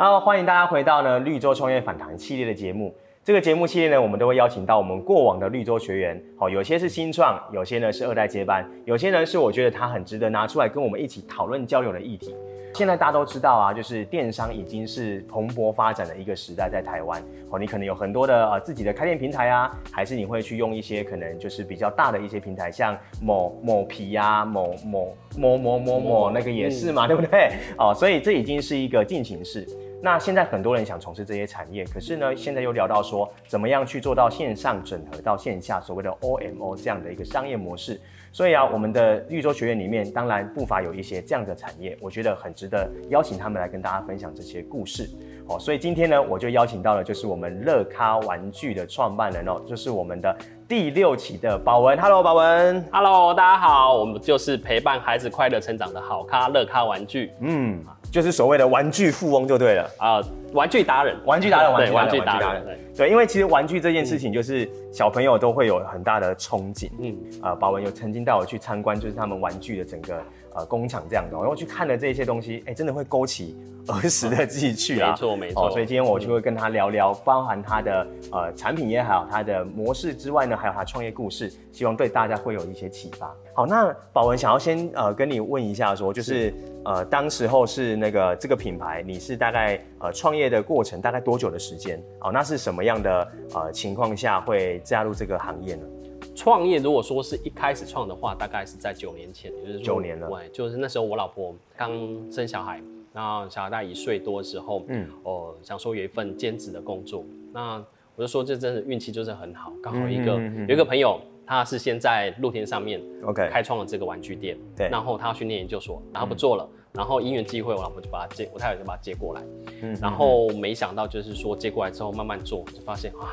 好、啊，歡迎大家回到呢綠洲創業訪談系列的節目。這個節目系列呢，我們都會邀請到我們過往的綠洲學員。好、哦，有些是新創，有些呢是二代接班，有些呢是我覺得他很值得拿出來跟我們一起討論交流的議題。哦、現在大家都知道啊，就是電商已經是蓬勃發展的一個時代，在台灣。哦，你可能有很多的呃自己的開店平台啊，還是你會去用一些可能就是比較大的一些平台，像某某皮啊，某某某某某某、某、某那個也是嘛，嗯、對不對？哦，所以這已經是一個進行式。那現在很多人想從事這些產業，可是呢，現在又聊到說怎麼樣去做到線上整合到線下，所謂的 OMO 這樣的一個商業模式。所以啊，我們的綠洲學院裡面當然不乏有一些這樣的產業，我覺得很值得邀請他們來跟大家分享這些故事。哦，所以今天呢，我就邀請到了就是我們樂咖玩具的創辦人哦，就是我們的。第六期的寶文，Hello，寶文，Hello，大家好，我們就是陪伴孩子快樂成長的好咖樂咖玩具，嗯，就是所謂的玩具富翁就對了啊、呃，玩具達人，玩具達人，玩具達人，對玩具達人對玩具達人。對，因為其實玩具這件事情，就是小朋友都會有很大的憧憬，嗯，啊、呃，寶文有曾經帶我去參觀，就是他們玩具的整個呃工廠這樣的，喔，然後去看了這些東西，哎、欸，真的會勾起兒時的記憶啊，啊，沒錯沒錯，哦、呃，所以今天我就會跟他聊聊，嗯，包含他的呃產品也好，他的模式之外呢，還有他創業故事，希望對大家會有一些啟發。好，那寶文想要先呃跟你問一下說，說就是，是呃當時候是那個這個品牌，你是大概呃創業的過程大概多久的時間？哦、呃，那是什麼樣？樣的呃情況下會加入這個行業呢？創業如果說是一開始創的話，大概是在九年前，也就是九年了。對，就是那時候我老婆剛生小孩，然後小孩大概一歲多的時候，嗯、呃，想說有一份兼職的工作，嗯、那我就說這真的運氣就是很好，剛好一個嗯嗯嗯嗯有一個朋友，他是先在露天上面，OK，開創了這個玩具店，Okay. 對，然後他去念研究所，然後不做了。嗯然後因緣際會，我老婆就把他接，我太太就把他接過來。嗯哼哼，然後沒想到就是說接過來之後慢慢做，就發現啊，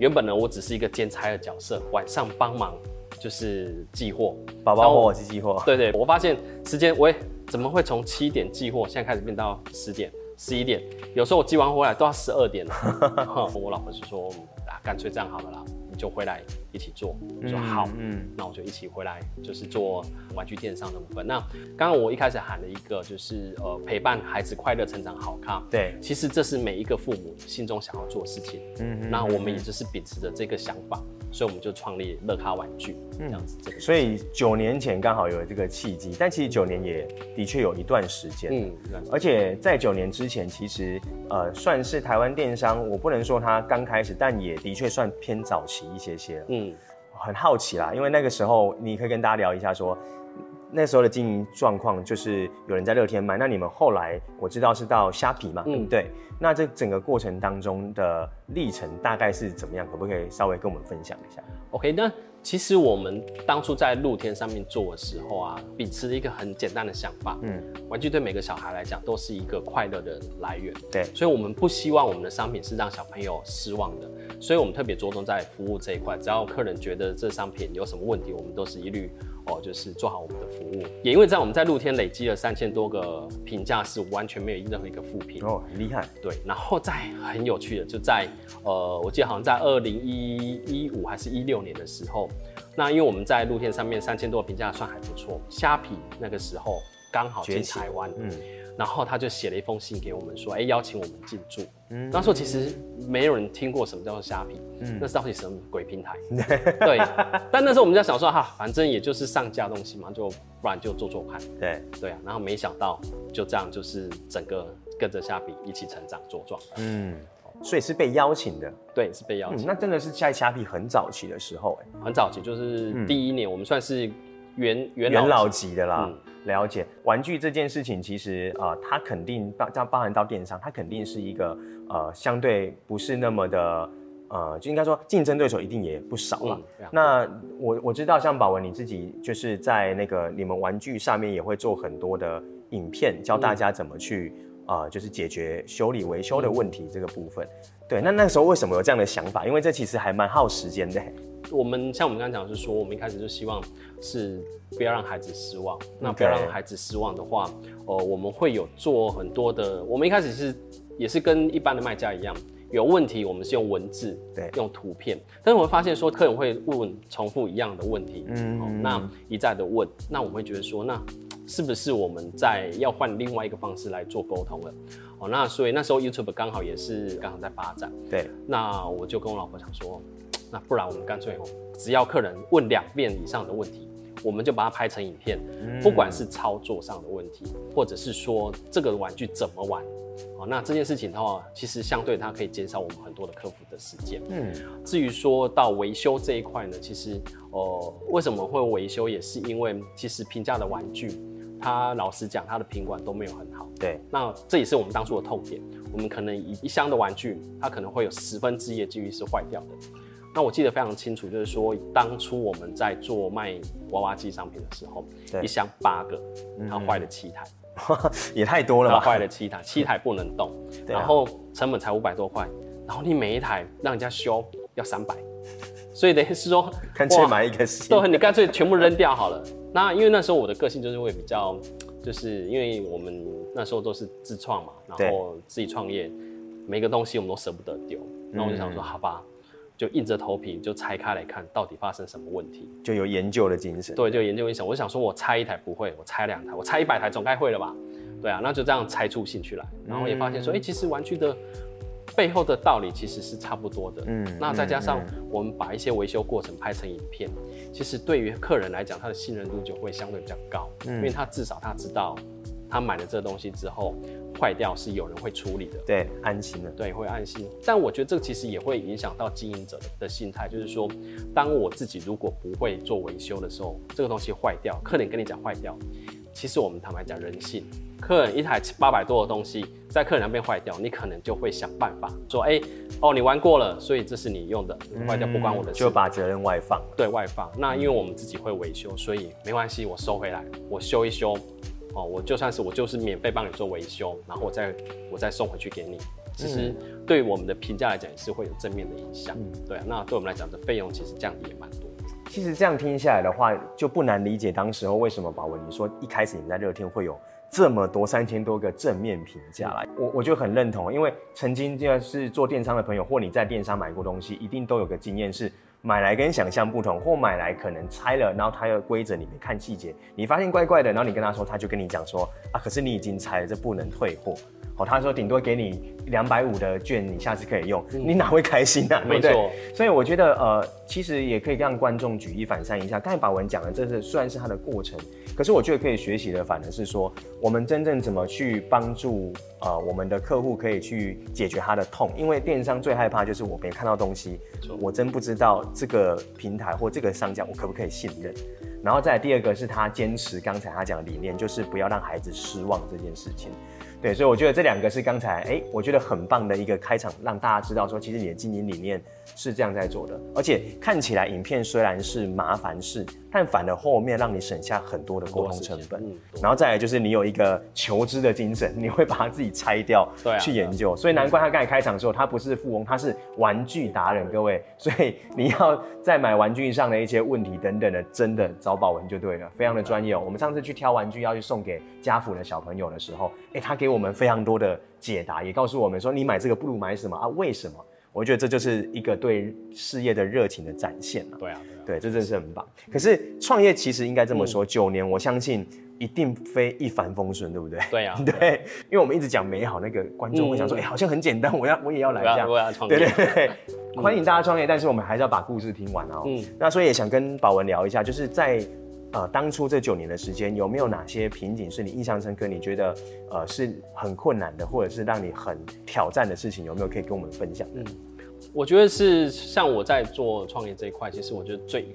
原本呢我只是一個兼差的角色，晚上幫忙就是寄貨，爸爸幫我寄寄貨。對，對對，我發現時間，喂，怎麼會從七點寄貨，現在開始變到十點、十一點，有時候我寄完回來都要十二點了。 然後我老婆就說啊，乾脆這樣好了啦。就回來一起做，嗯、說好，嗯，那我就一起回來，就是做玩具電商的部分。那剛剛我一開始喊了一個就是呃，陪伴孩子快樂成長，好咖，對，其實這是每一個父母心中想要做的事情。嗯哼，那我們也就是秉持着這個想法。嗯所以我們就創立樂咖玩具這樣子，嗯，所以九年前剛好有了這個契機，但其實九年也的確有一段時間，嗯，而且在九年之前，其實呃算是台灣電商，我不能說它剛開始，但也的確算偏早期一些些了，嗯，很好奇啦，因為那個時候你可以跟大家聊一下說。那時候的經營狀況就是有人在露天賣，那你們後來我知道是到蝦皮嘛，對對嗯，對。那這整個過程當中的歷程大概是怎麼樣？可不可以稍微跟我們分享一下？OK，那其實我們當初在露天上面做的時候啊，秉持一個很簡單的想法，嗯，玩具對每個小孩來講都是一個快樂的來源，對。所以我們不希望我們的商品是讓小朋友失望的，所以我們特別着重在服務這一塊，只要客人覺得這商品有什麼問題，我們都是一律。哦，就是做好我們的服務，也因為在我們在露天累積了三千多個評價，是完全沒有任何一個負評哦，很厲害。對，然後在很有趣的就在呃，我記得好像在二零一一五還是一六年的時候，那因為我們在露天上面三千多個評價算還不錯，蝦皮那個時候剛好進台灣，嗯。然後他就寫了一封信給我們說，哎、欸，邀請我們進駐。嗯，那時候其實沒有人聽過什麼叫做蝦皮，嗯，那是到底什麼鬼平台？ 對，但那時候我們就想說，哈、啊，反正也就是上架東西嘛，就不然就做做看。對，對啊。然後沒想到就這樣，就是整個跟着蝦皮一起成長茁壯。嗯，所以是被邀請的，對，是被邀請、嗯。那真的是在蝦皮很早期的時候、欸，哎，很早期就是第一年，我們算是、嗯。元元，元，元老級的啦，嗯、了解玩具這件事情，其實啊、呃，它肯定包，這樣包含到電商，它肯定是一個呃，相對不是那麼的呃，就應該說競爭對手一定也不少了。嗯、那我我知道像寶文你自己就是在那個你們玩具上面也會做很多的影片，教大家怎麼去啊、嗯呃，就是解決修理維修的問題這個部分。嗯、對，那那個時候為什麼有這樣的想法？因為這其實還蠻耗時間的。我們像我們剛才講是說，我們一開始就希望。是不要讓孩子失望。那不要讓孩子失望的話，哦 Okay.、呃，我們會有做很多的。我們一開始是也是跟一般的賣家一樣，有問題我們是用文字，對，用圖片。但是我會發現說，客人會問重複一樣的問題，嗯，嗯，嗯、哦，那一再的問，那我們會覺得說，那是不是我們在要換另外一個方式來做溝通了？哦，那所以那時候 YouTube 剛好也是剛好在發展，對。那我就跟我老婆想說。那不然我們乾脆哦，只要客人問兩遍以上的問題，我們就把它拍成影片。嗯，不管是操作上的問題，或者是說這個玩具怎麼玩，啊，那這件事情的話，其實相對它可以減少我們很多的客服的時間。嗯，至於說到維修這一塊呢，其實哦，呃，為什麼會維修也是因為其實平價的玩具，它老實講它的品管都沒有很好。對，那這也是我們當初的痛點。我們可能一箱的玩具，它可能會有十分之一的幾率是壞掉的。那我記得非常清楚，就是說當初我們在做賣娃娃機商品的時候，對一箱八個，然後壞了七台，嗯嗯 也太多了吧。然後壞了七台，七台不能動，啊、然後成本才五百多塊，然後你每一台讓人家修要三百，所以等於是說乾 脆買一個，對你乾脆全部扔掉好了。 那因為那時候我的個性就是會比較，就是因為我們那時候都是自創嘛，然後自己創業，對每個東西我們都捨不得丟，那我就想說，嗯嗯好吧。就硬着頭皮就拆開來看，到底發生什麼問題，就有研究的精神。對，就研究一下。我想說，我拆一台不會，我拆兩台，我拆一百台總該會了吧？對啊，那就這樣拆出興趣來，然後我也發現說，哎、嗯欸，其實玩具的背後的道理其實是差不多的。嗯，那再加上我們把一些維修過程拍成影片，嗯嗯、其實對於客人來講，他的信任度就會相對比較高，嗯、因為他至少他知道他買了這東西之後。壞掉是有人會處理的，對，安心的，對，會安心。但我覺得這其實也會影響到經營者的的心態，就是說，當我自己如果不會做維修的時候，這個東西壞掉，客人跟你講壞掉，其實我們坦白講，人性，客人一台八百多的東西在客人那邊壞掉，你可能就會想辦法說，哎、欸，哦，你玩過了，所以這是你用的，壞、嗯、掉不關我的事，就把責任外放，對外放。那因為我們自己會維修，所以沒關係，我收回來，我修一修。哦，我就算是我就是免費幫你做維修，然後我再我再送回去給你。其實對我們的評價來講也是會有正面的影響，嗯、對啊。那對我們來講，這費用其實降低也蠻多。其實這樣聽下來的話，就不難理解當時候為什麼寶文，你說一開始你在樂天會有這麼多三千多個正面評價來。我我就很認同，因為曾經就是做電商的朋友，或你在電商買過東西，一定都有個經驗是。買來跟想象不同，或買來可能拆了，然後他要規則裡面看細節，你發現怪怪的，然後你跟他說，他就跟你講說啊，可是你已經拆了，這不能退貨，好、哦，他說頂多給你兩百五的券，你下次可以用，你哪會開心啊？沒錯，所以我覺得呃，其實也可以讓觀眾舉一反三一下，剛才寶文講的這是雖然是他的過程，可是我覺得可以學習的反而是說，我們真正怎麼去幫助呃，我們的客戶可以去解決他的痛，因為電商最害怕就是我沒看到東西，就我真不知道。這個平台或這個商家，我可不可以信任？然後再來第二個是他堅持剛才他講的理念，就是不要讓孩子失望這件事情。對，所以我覺得這兩個是剛才哎，我覺得很棒的一個開場，讓大家知道說，其實你的經營理念是這樣在做的，而且看起來影片雖然是麻煩事，但反而後面讓你省下很多的溝通成本。嗯。然後再來就是你有一個求知的精神，你會把它自己拆掉，對，去研究。啊、所以難怪他剛才開場的時候，他不是富翁，他是玩具達人，各位。所以你要在買玩具上的一些問題等等的，真的找寶文就對了，非常的專業、哦。對我們上次去挑玩具要去送給家扶的小朋友的時候，哎，他給。給我們非常多的解答，也告訴我們說，你買這個不如、嗯、買什麼啊？為什麼？我覺得這就是一個對事業的熱情的展現啊。對啊，對啊，對，這真是很棒。嗯、可是創業其實應該這麼說，九、嗯、年，我相信一定非一帆風順，對不對？對啊，對，啊對，因為我們一直講美好，那個觀眾會想說，哎、嗯欸，好像很簡單，我要我也要來這樣。對對對對，嗯、歡迎大家創業，但是我們還是要把故事聽完哦。嗯，那所以也想跟寶文聊一下，就是在。呃，當初這九年的時間，有沒有哪些瓶頸是你印象深刻？你覺得呃是很困難的，或者是讓你很挑戰的事情，有沒有可以跟我們分享的？嗯，我覺得是像我在做創業這一塊，其實我覺得最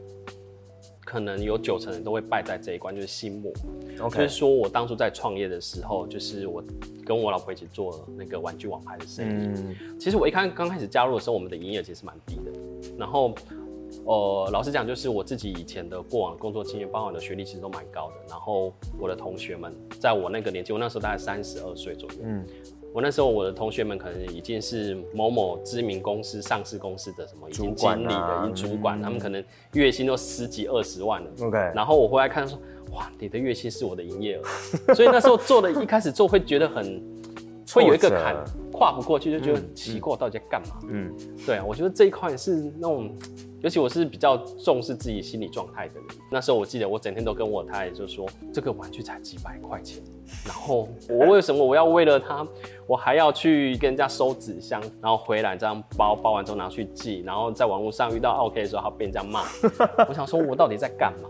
可能有九成人都會敗在這一關，就是心魔。OK，就是說我當初在創業的時候，就是我跟我老婆一起做那個玩具網拍的生意。嗯，其實我一看剛開始加入的時候，我們的營業額其實蠻低的，然後。呃，老實講，就是我自己以前的過往工作經驗，包括我的學歷，其實都蠻高的。然後我的同學們，在我那個年紀，我那時候大概三十二歲左右，嗯，我那時候我的同學們可能已經是某某知名公司、上市公司的什麼已經經理、的主管，主管啊，嗯，他們可能月薪都十幾二十萬了。OK，然後我回來看說，哇，你的月薪是我的營業額， 所以那時候做的一開始做會覺得很。會有一個坎跨不過去，就覺得很奇怪，到底在幹嘛？嗯，嗯，嗯，對啊，我覺得這一塊是那種，尤其我是比較重視自己心理狀態的人。那時候我記得，我整天都跟我太太就說：“這個玩具才幾百塊錢，然後我為什麼我要為了它， 我還要去跟人家收紙箱，然後回來這樣包包完之後拿去寄，然後在網絡上遇到 OK 的時候，好被人家罵。 我想說，我到底在幹嘛？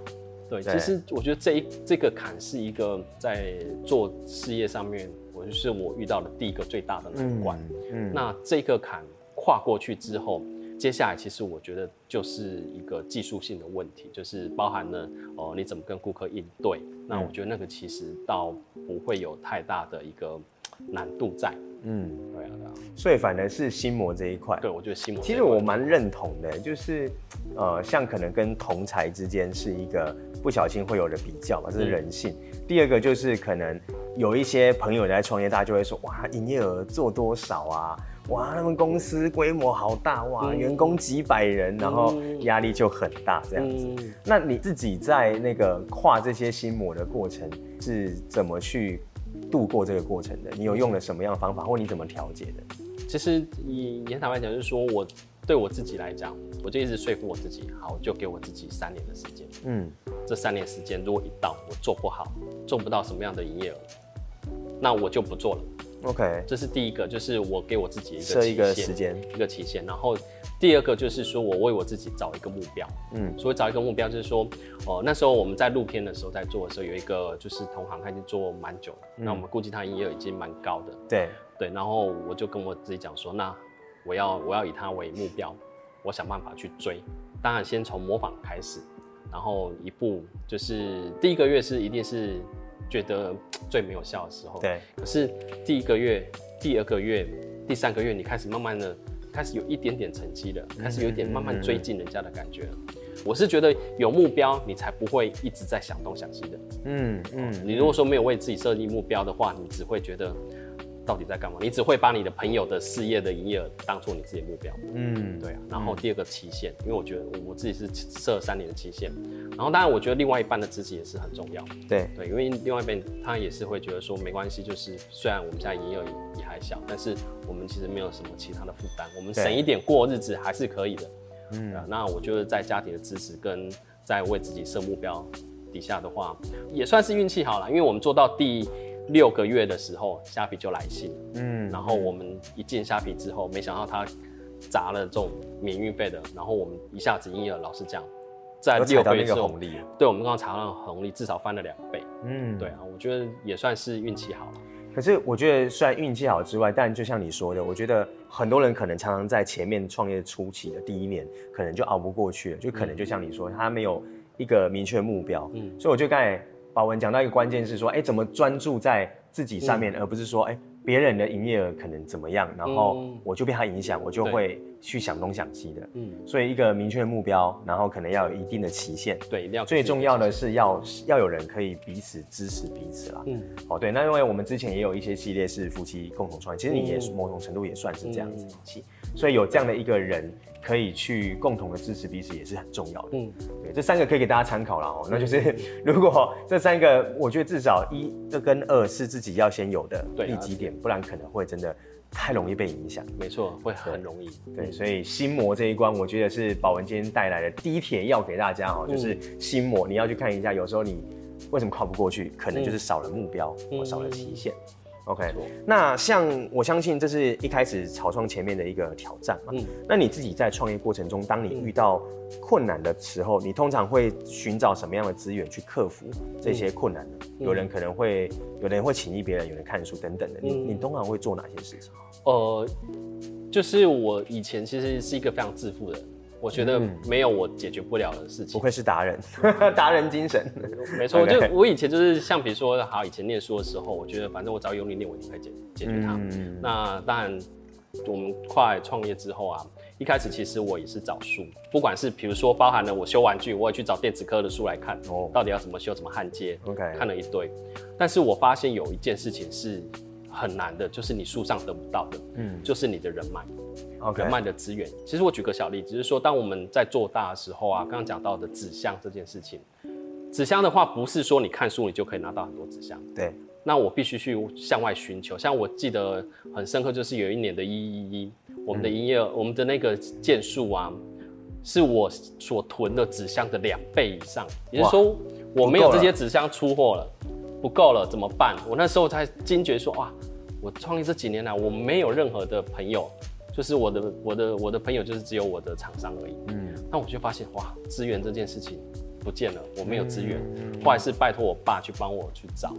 對，其實對我覺得這一這個坎是一個在做事業上面。就是我遇到的第一個最大的難關。嗯，嗯，那這個坎跨過去之後，接下來其實我覺得就是一個技術性的問題，就是包含了哦、呃，你怎麼跟顧客應對？那我覺得那個其實倒不會有太大的一個難度在。嗯，對啊。所以反而是心魔這一塊，對，我覺得心魔。其實我蠻認同的，就是呃，像可能跟同儕之間是一個不小心會有人比較吧，這是人性。嗯、第二個就是可能。有一些朋友在創業，大家就會說：哇，營業額做多少啊？哇，他們公司規模好大，哇，嗯、員工幾百人，然後壓力就很大這樣子。嗯、那你自己在那個跨這些心魔的過程是怎麼去度過這個過程的？你有用了什麼樣的方法，或你怎麼調節的？其實以，坦白講就是說我。對我自己來講，我就一直說服我自己，好，我就給我自己三年的時間。嗯，這三年時間如果一到我做不好，做不到什麼樣的營業額，那我就不做了。OK，這是第一個，就是我給我自己一個期限，設一個時間一個期限。然後第二個就是說我為我自己找一個目標。嗯，所以找一個目標就是說，哦、呃，那時候我們在錄片的時候，在做的時候，有一個就是同行他已經做蠻久了，那、嗯、我們估計他營業已經蠻高的。對對，然後我就跟我自己講說那。我要我要以他為目標，我想辦法去追。當然，先從模仿開始，然後一步就是第一個月是一定是覺得最沒有效的時候。對。可是第一個月、第二個月、第三個月，你開始慢慢的開始有一點點成績了，嗯嗯嗯，開始有點慢慢追近人家的感覺了。我是覺得有目標，你才不會一直在想東想西的。嗯，嗯嗯。你如果說沒有為自己設立目標的話，你只會覺得。到底在幹嘛？你只會把你的朋友的事業的營業額當做你自己的目標。嗯，對啊。然後第二個期限，嗯、因為我覺得我自己是設三年的期限。然後當然，我覺得另外一半的支持也是很重要。對對，因為另外一邊他也是會覺得說，沒關係，就是雖然我們現在營業額也，也還小，但是我們其實沒有什麼其他的負擔，我們省一點過日子還是可以的。嗯對、啊，那我覺得在家庭的支持跟在為自己設目標底下的話，也算是運氣好了，因為我們做到第。六個月的時候，蝦皮就來信了，嗯，然後我們一進蝦皮之後，沒想到他砸了這種免運費的，然後我們一下子營了老師這樣，在六個月的紅利。對，我們剛剛查到紅利至少翻了兩倍，嗯，對啊，我覺得也算是運氣好。可是我覺得雖然運氣好之外，但就像你說的，我覺得很多人可能常常在前面創業初期的第一年，可能就熬不過去了，就可能就像你說，嗯、他沒有一個明確目標，嗯，所以我覺得剛才。寶文講到一個關鍵是說，哎、欸，怎麼專注在自己上面，嗯、而不是說，哎、欸，別人的營業額可能怎麼樣，然後我就被他影響，嗯、我就會去想東想西的。嗯對，所以一個明確的目標，然後可能要有一定的期限。對，一定要。最重要的是要要有人可以彼此支持彼此啦嗯，哦，對，那因為我們之前也有一些系列是夫妻共同創業，其實你也是某種程度也算是這樣子東西。所以有這樣的一個人可以去共同的支持彼此，也是很重要的。嗯，對，這三個可以給大家參考了哦、喔。嗯、那就是如果這三個，我覺得至少一、二跟二是自己要先有的，對，積極點，嗯、不然可能會真的太容易被影響、嗯。沒錯，會很，對很容易。嗯、對，所以心魔這一關，我覺得是寶文今天帶來的第一帖藥給大家哦、喔，嗯、就是心魔，你要去看一下，有時候你為什麼跨不過去，可能就是少了目標或少了期限。嗯嗯 OK，那像我相信這是一開始草創前面的一個挑戰嘛。嗯、那你自己在創業過程中，當你遇到困難的時候，嗯、你通常會尋找什麼樣的資源去克服這些困難呢？嗯、有人可能會，有人會請益別人，有人看書等等的。你、嗯、你通常會做哪些事情？呃，就是我以前其實是一個非常自負的。我覺得沒有我解決不了的事情。嗯、不愧是達人， 達人精神，嗯、沒錯。 Okay. 就我以前就是像比如說，好，以前念書的時候，我覺得反正我只要有能力念，我就可以解解決它。嗯、那當然，但我們快創業之後啊，一開始其實我也是找書，嗯、不管是比如說包含了我修玩具，我也去找電子科的書來看，哦，oh. 到底要怎麼修，怎麼焊接。OK，看了一堆，但是我發現有一件事情是。很難的，就是你書上得不到的，嗯，就是你的人脈，Okay. 人脈的資源。其實我舉個小例子，就是說當我們在做大的時候啊，剛剛講到的紙箱這件事情，紙箱的話不是說你看書你就可以拿到很多紙箱，對。那我必須去向外尋求。像我記得很深刻，就是有一年的一一一，我們的營業、嗯、我們的那個件數啊，是我所囤的紙箱的兩倍以上，也就是說我沒有這些紙箱出貨了。不夠了怎麼辦？我那時候才驚覺說哇，我創業這幾年來，我沒有任何的朋友，就是我的我的我的朋友就是只有我的廠商而已。嗯，那我就發現哇，資源這件事情不見了，我沒有資源，後來、嗯嗯嗯嗯、是拜託我爸去幫我去找。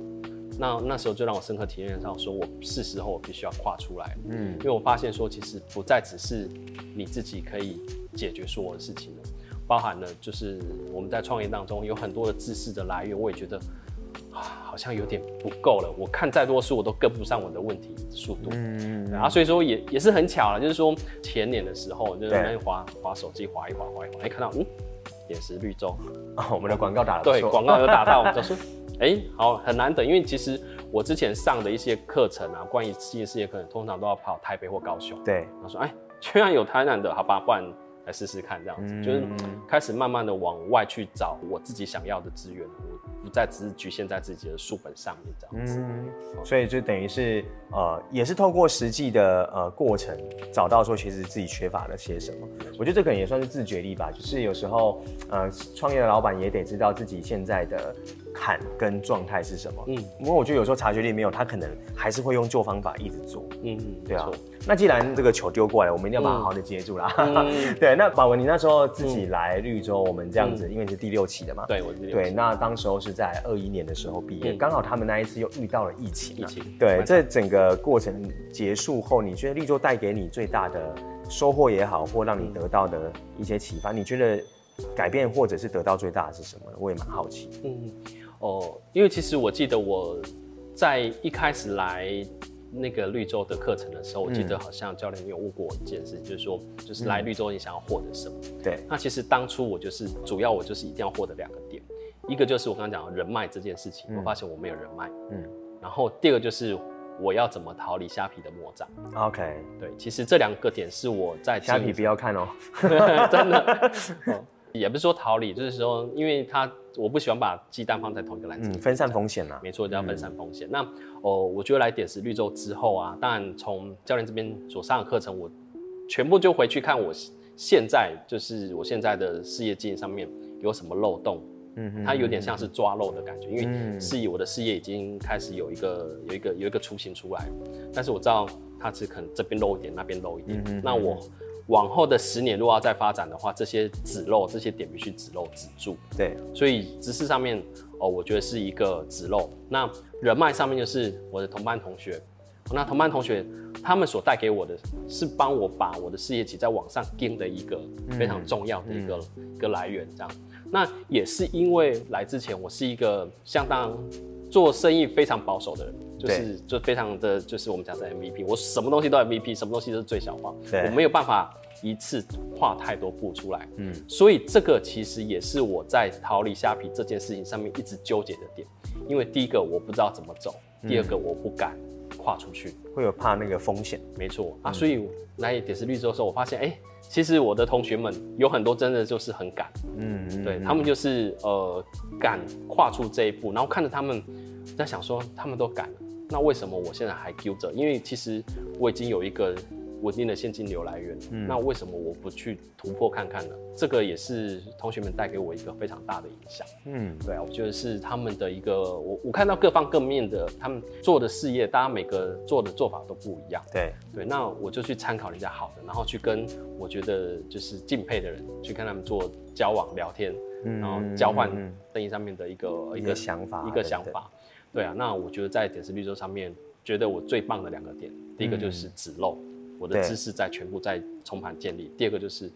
那那時候就讓我深刻體驗到說，說我是時候我必須要跨出來嗯，因為我發現說其實不再只是你自己可以解決說我的事情了，包含了就是我們在創業當中有很多的知識的來源，我也覺得。好像有點不夠了。我看再多書，我都跟不上我的問題速度。嗯，然後、啊、所以說也也是很巧了，就是說前年的時候，就是那滑，滑手機滑一滑、滑一滑，哎、欸，看到嗯，點拾綠洲啊、哦，我們的廣告打的對，廣告有打到。我 說，哎、欸，好很難等，因為其實我之前上的一些課程啊，關於新的世界課程，通常都要跑台北或高雄。對，然後說，哎、欸，居然有台南的，好吧，不然。來試試看，這樣子、嗯、就是開始慢慢的往外去找我自己想要的資源，我不再只是局限在自己的書本上面這樣子，嗯、對所以就等於是呃，也是透過實際的呃過程，找到說其實自己缺乏了些什麼。我覺得這可能也算是自覺力吧，就是有時候呃，創業的老板也得知道自己現在的。看跟狀態是什麼？嗯，因為我覺得有時候察覺力沒有，他可能還是會用舊方法一直做。嗯嗯，對啊。那既然這個球丟過來，我們一定要把好好的接住啦。對，那寶文，你那時候自己來綠洲，我們這樣子，因為你是第六期的嘛。對，我第六。對，那當時候是在二一年的時候畢業，剛好他們那一次又遇到了疫情。疫情。對，這整個過程結束後，你覺得綠洲帶給你最大的收穫也好，或讓你得到的一些啟發，你覺得改變或者是得到最大的是什麼？我也蠻好奇。嗯。哦，因為其實我記得我在一開始來那個綠洲的課程的時候，嗯、我記得好像教練有問過我一件事，嗯、就是說，就是來綠洲你想要獲得什麼？對，那其實當初我就是主要我就是一定要獲得兩個點，一個就是我剛剛講的人脈這件事情，嗯、我發現我沒有人脈，嗯嗯、然後第二個就是我要怎麼逃離蝦皮的魔掌？OK，對，其實這兩個點是我在蝦皮不要看哦， 真的。哦也不是說逃離，就是說，因為他我不喜歡把雞蛋放在同一個籃子，嗯，分散風險啊，沒錯，叫分散風險。嗯、那哦，我覺得來點拾綠洲之後啊，當然從教練這邊所上的課程，我全部就回去看我現在就是我現在的事業經營上面有什麼漏洞，嗯嗯哼，它有點像是抓漏的感覺，嗯、哼因為是以我的事業已經開始有一個有一個有一個雛形出來，但是我知道它是可能這邊漏一點，那邊漏一點，嗯、哼那我。往後的十年，如果要再發展的話，這些止漏這些點必須止漏止住。對，所以知識上面哦，我覺得是一個止漏。那人脈上面就是我的同班同學，那同班同學他們所帶給我的是幫我把我的事業起在網上盯的一個非常重要的一個、嗯、一個來源。這樣，嗯、那也是因為來之前我是一個相當做生意非常保守的人。就是就非常的就是我們講的 MVP，我什麼東西都 MVP，什麼東西都是最小化。對，我沒有辦法一次跨太多步出來。嗯，所以這個其實也是我在逃離蝦皮這件事情上面一直糾結的點。因為第一個我不知道怎麼走，嗯、第二個我不敢跨出去，會有怕那個風險、嗯。沒錯啊，嗯、所以來點拾綠洲之後，我發現哎、欸，其實我的同學們有很多真的就是很敢。嗯，對，嗯，他們就是呃敢跨出這一步，然後看着他們在想說他們都敢。那為什麼我現在還揪着？因為其實我已經有一個穩定的現金流來源。嗯，那為什麼我不去突破看看呢？這個也是同學們帶給我一個非常大的影響。嗯，對啊，我覺得是他們的一個，我我看到各方各面的他們做的事業，大家每個做的做法都不一樣。對對，那我就去參考人家好的，然後去跟我覺得就是敬佩的人，去跟他們做交往聊天，嗯嗯嗯嗯，然後交換生意上面的一個一個想法，一個想法。對對對對啊，那我覺得在點拾綠洲上面，覺得我最棒的兩個點，第一個就是止漏，嗯、我的知識在全部在重盤建立，對第二個就是，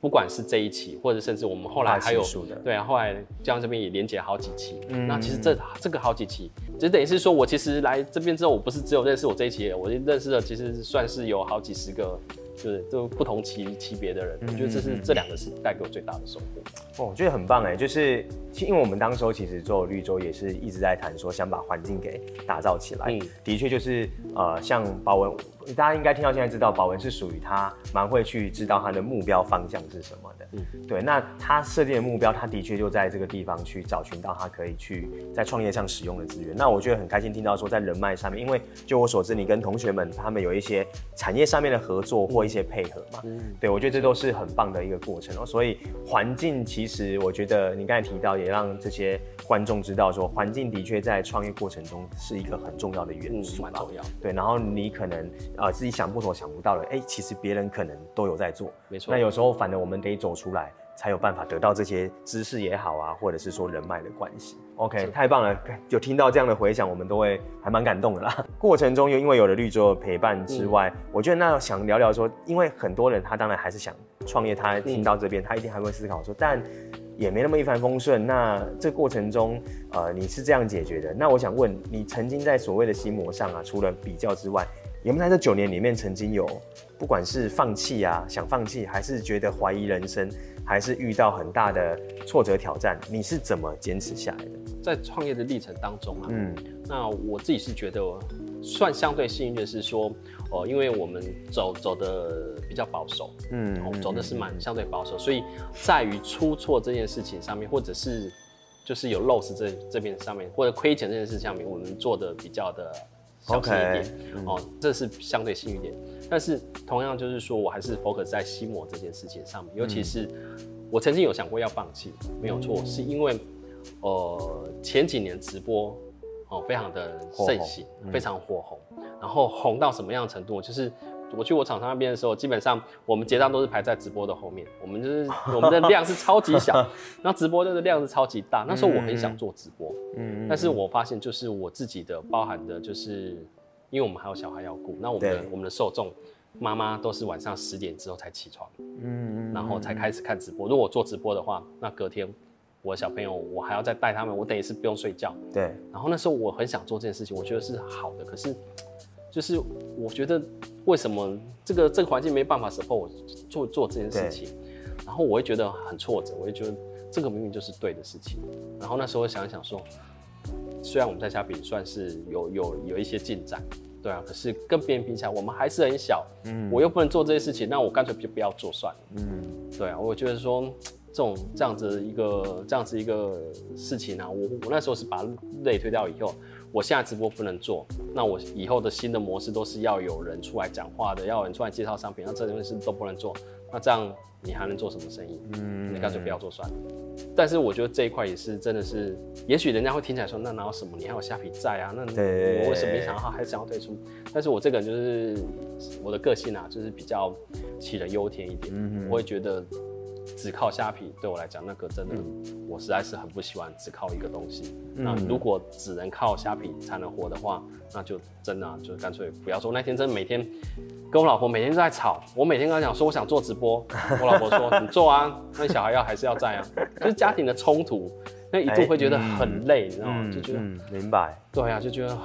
不管是這一期，或者甚至我們後來還有，對啊，後來江這邊也連接好幾期，嗯、那其實這這個好幾期，就等於是說，我其實來這邊之後，我不是只有認識我這一期，我認識的其實算是有好幾十個。就是就不同級級別的人，我覺得這是、嗯嗯、這兩個是帶給我最大的收穫。哦，我覺得很棒哎、欸，就是因為我們當時候其實做綠洲也是一直在談說，想把環境給打造起來。嗯，的確就是呃，像寶文，大家應該聽到現在知道，寶文是屬於他蠻會去知道他的目標方向是什麼。嗯，對，那他設定的目標，他的確就在這個地方去找尋到他可以去在創業上使用的資源。那我覺得很開心聽到說，在人脈上面，因為就我所知，你跟同學們他們有一些產業上面的合作或一些配合嘛。嗯。對，我覺得這都是很棒的一個過程哦。所以環境其實，我覺得你剛才提到，也讓這些觀眾知道說，環境的確在創業過程中是一個很重要的元素。嗯，蠻重要。對，然後你可能啊，自己想不妥想不到的，哎，其實別人可能都有在做。沒錯。那有時候，反正我們得走，出來才有辦法得到這些知識也好啊，或者是說人脈的關係。OK，是太棒了，就聽到這樣的回響，我們都會還蠻感動的啦。過程中又因為有了綠洲陪伴之外，嗯、我覺得那想聊聊說，因為很多人他當然還是想創業，他聽到這邊，嗯、他一定還會思考說，但也沒那麼一帆風順。那這過程中，呃，你是這樣解決的？那我想問，你曾經在所謂的心魔上啊，除了比較之外，有沒有在這九年裡面曾經有？不管是放棄啊，想放棄，還是覺得懷疑人生，還是遇到很大的挫折挑戰，你是怎麼堅持下來的？在創業的歷程當中啊，嗯，那我自己是覺得算相對幸運的是說，哦、呃，因為我們走走的比較保守，嗯，走的是蠻相對保守，嗯、所以在於出錯這件事情上面，或者是就是有 loss 這這邊上面，或者虧錢這件事上面，我們做的比較的小心一點，哦，這是相對幸運點。但是同樣就是說，我還是 focus 在吸膜這件事情上面。尤其是我曾經有想過要放棄，沒有錯，嗯、是因為呃前幾年直播哦、呃、非常的盛行，嗯、非常火紅。然後紅到什麼樣的程度？就是我去我廠商那邊的時候，基本上我們結賬都是排在直播的後面。我們就是我們的量是超級小，那 直播的量是超級大。那時候我很想做直播，嗯，但是我發現就是我自己的包含的就是。因為我們還有小孩要顧，那我們的對我們的受眾媽媽都是晚上十點之後才起床，嗯，嗯，嗯，嗯，然後才開始看直播。如果我做直播的話，那隔天我小朋友我還要再帶他們，我等於是不用睡覺。對。然後那時候我很想做這件事情，我覺得是好的，可是就是我覺得為什麼這個這個環境沒辦法 support 我做做這件事情？對然後我會覺得很挫折，我會覺得這個明明就是對的事情。然後那時候我想一想說，雖然我們在蝦皮算是有有有一些進展。對啊，可是跟別人比起來，我們還是很小。嗯，我又不能做這些事情，那我乾脆就不要做算了。嗯，對啊，我覺得說這種這樣子一個這樣子一個事情啊，我我那時候是把累推掉以後，我現在直播不能做，那我以後的新的模式都是要有人出來講話的，要有人出來介紹商品，那這件事是都不能做，那這樣你還能做什麼生意？嗯，嗯，你乾脆不要做算了。但是我覺得這一塊也是真的是，是也許人家會聽起來說，那哪有什麼？你還有蝦皮在啊？那我為什麼沒想到還想要退出？對但是我這個人就是我的個性啊，就是比較杞人憂天一點，嗯、哼我會覺得。只靠蝦皮，對我來講，那個真的，嗯、我實在是很不喜歡只靠一個東西。嗯、那如果只能靠蝦皮才能活的話，那就真的、啊、就乾脆不要做。那天真的每天跟我老婆每天都在吵，我每天跟他講說我想做直播， 我老婆說你做啊，那小孩要 還是要在啊？就是家庭的衝突，那一度會覺得很累，然後就覺得、嗯嗯、明白，對呀、啊，就覺得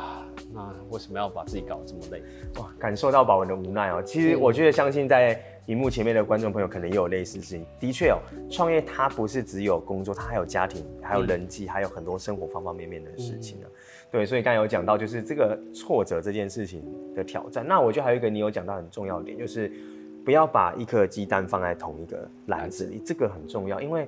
那為什麼要把自己搞這麼累？哇，感受到寶文的無奈哦。其實我覺得相信在。螢幕前面的觀眾朋友可能也有類似事情，的確哦，創業它不是只有工作，它還有家庭，還有人際，還有很多生活方方面面的事情啊。嗯、對，所以剛才有講到，就是這個挫折這件事情的挑戰。那我就還有一個你有講到很重要的點，就是不要把一顆雞蛋放在同一個籃子裡，這個很重要，因為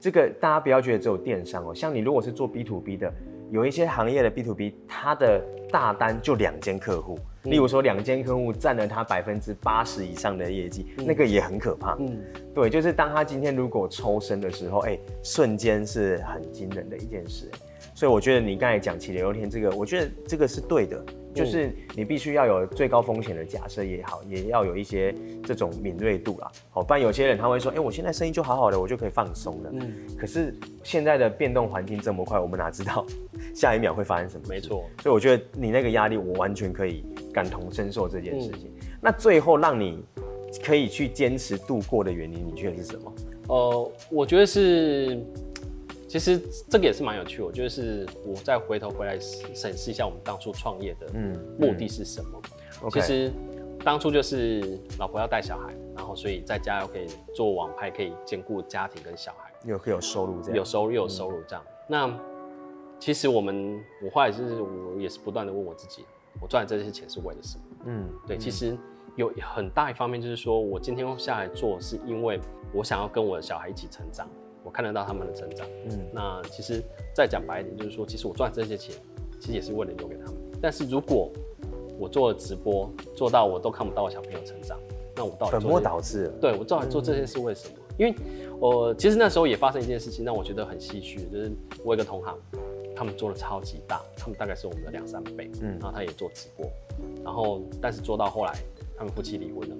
這個大家不要覺得只有電商哦，像你如果是做 B to B 的。有一些行業的 B to B，他的大單就兩間客戶，例如說兩間客戶占了他百分之八十以上的業績，嗯、那個也很可怕。嗯，對，就是當他今天如果抽身的時候，哎、欸，瞬間是很驚人的一件事。所以我覺得你剛才講起聊天這個，我覺得這個是對的。就是你必須要有最高風險的假設也好，也要有一些這種敏銳度啦。好，不然有些人他會說，哎，我現在生意就好好的，我就可以放鬆了。嗯，可是現在的變動環境這麼快，我們哪知道下一秒會發生什麼？沒錯。所以我覺得你那個壓力，我完全可以感同身受這件事情。嗯，那最後讓你可以去堅持度過的原因，你覺得是什麼？呃，我覺得是。其實這個也是蠻有趣的，我就是我再回頭回來審視一下我們當初創業的嗯目的是什麼？嗯嗯、其實當初就是老婆要帶小孩，然後所以在家又可以做網拍，可以兼顧家庭跟小孩，又可以有收入這樣，有收入又有收入這樣。嗯、那其實我們我後來就是我也是不斷的問我自己，我賺這些錢是為了什麼？嗯，對，其實有很大一方面就是說我今天下來做是因為我想要跟我的小孩一起成長。我看得到他們的成長，嗯，那其實再講白一點，就是說，其實我賺這些錢，其實也是為了留給他們。但是如果我做了直播做到我都看不到我小朋友成長，那我到底本末倒置了。對，我到底做這件事為什麼？嗯，因為我其實那時候也發生一件事情，讓我覺得很唏噓，就是我有個同行，他們做的超級大，他們大概是我們的兩三倍，嗯，然後他也做直播，然後但是做到後來，他們夫妻離婚了。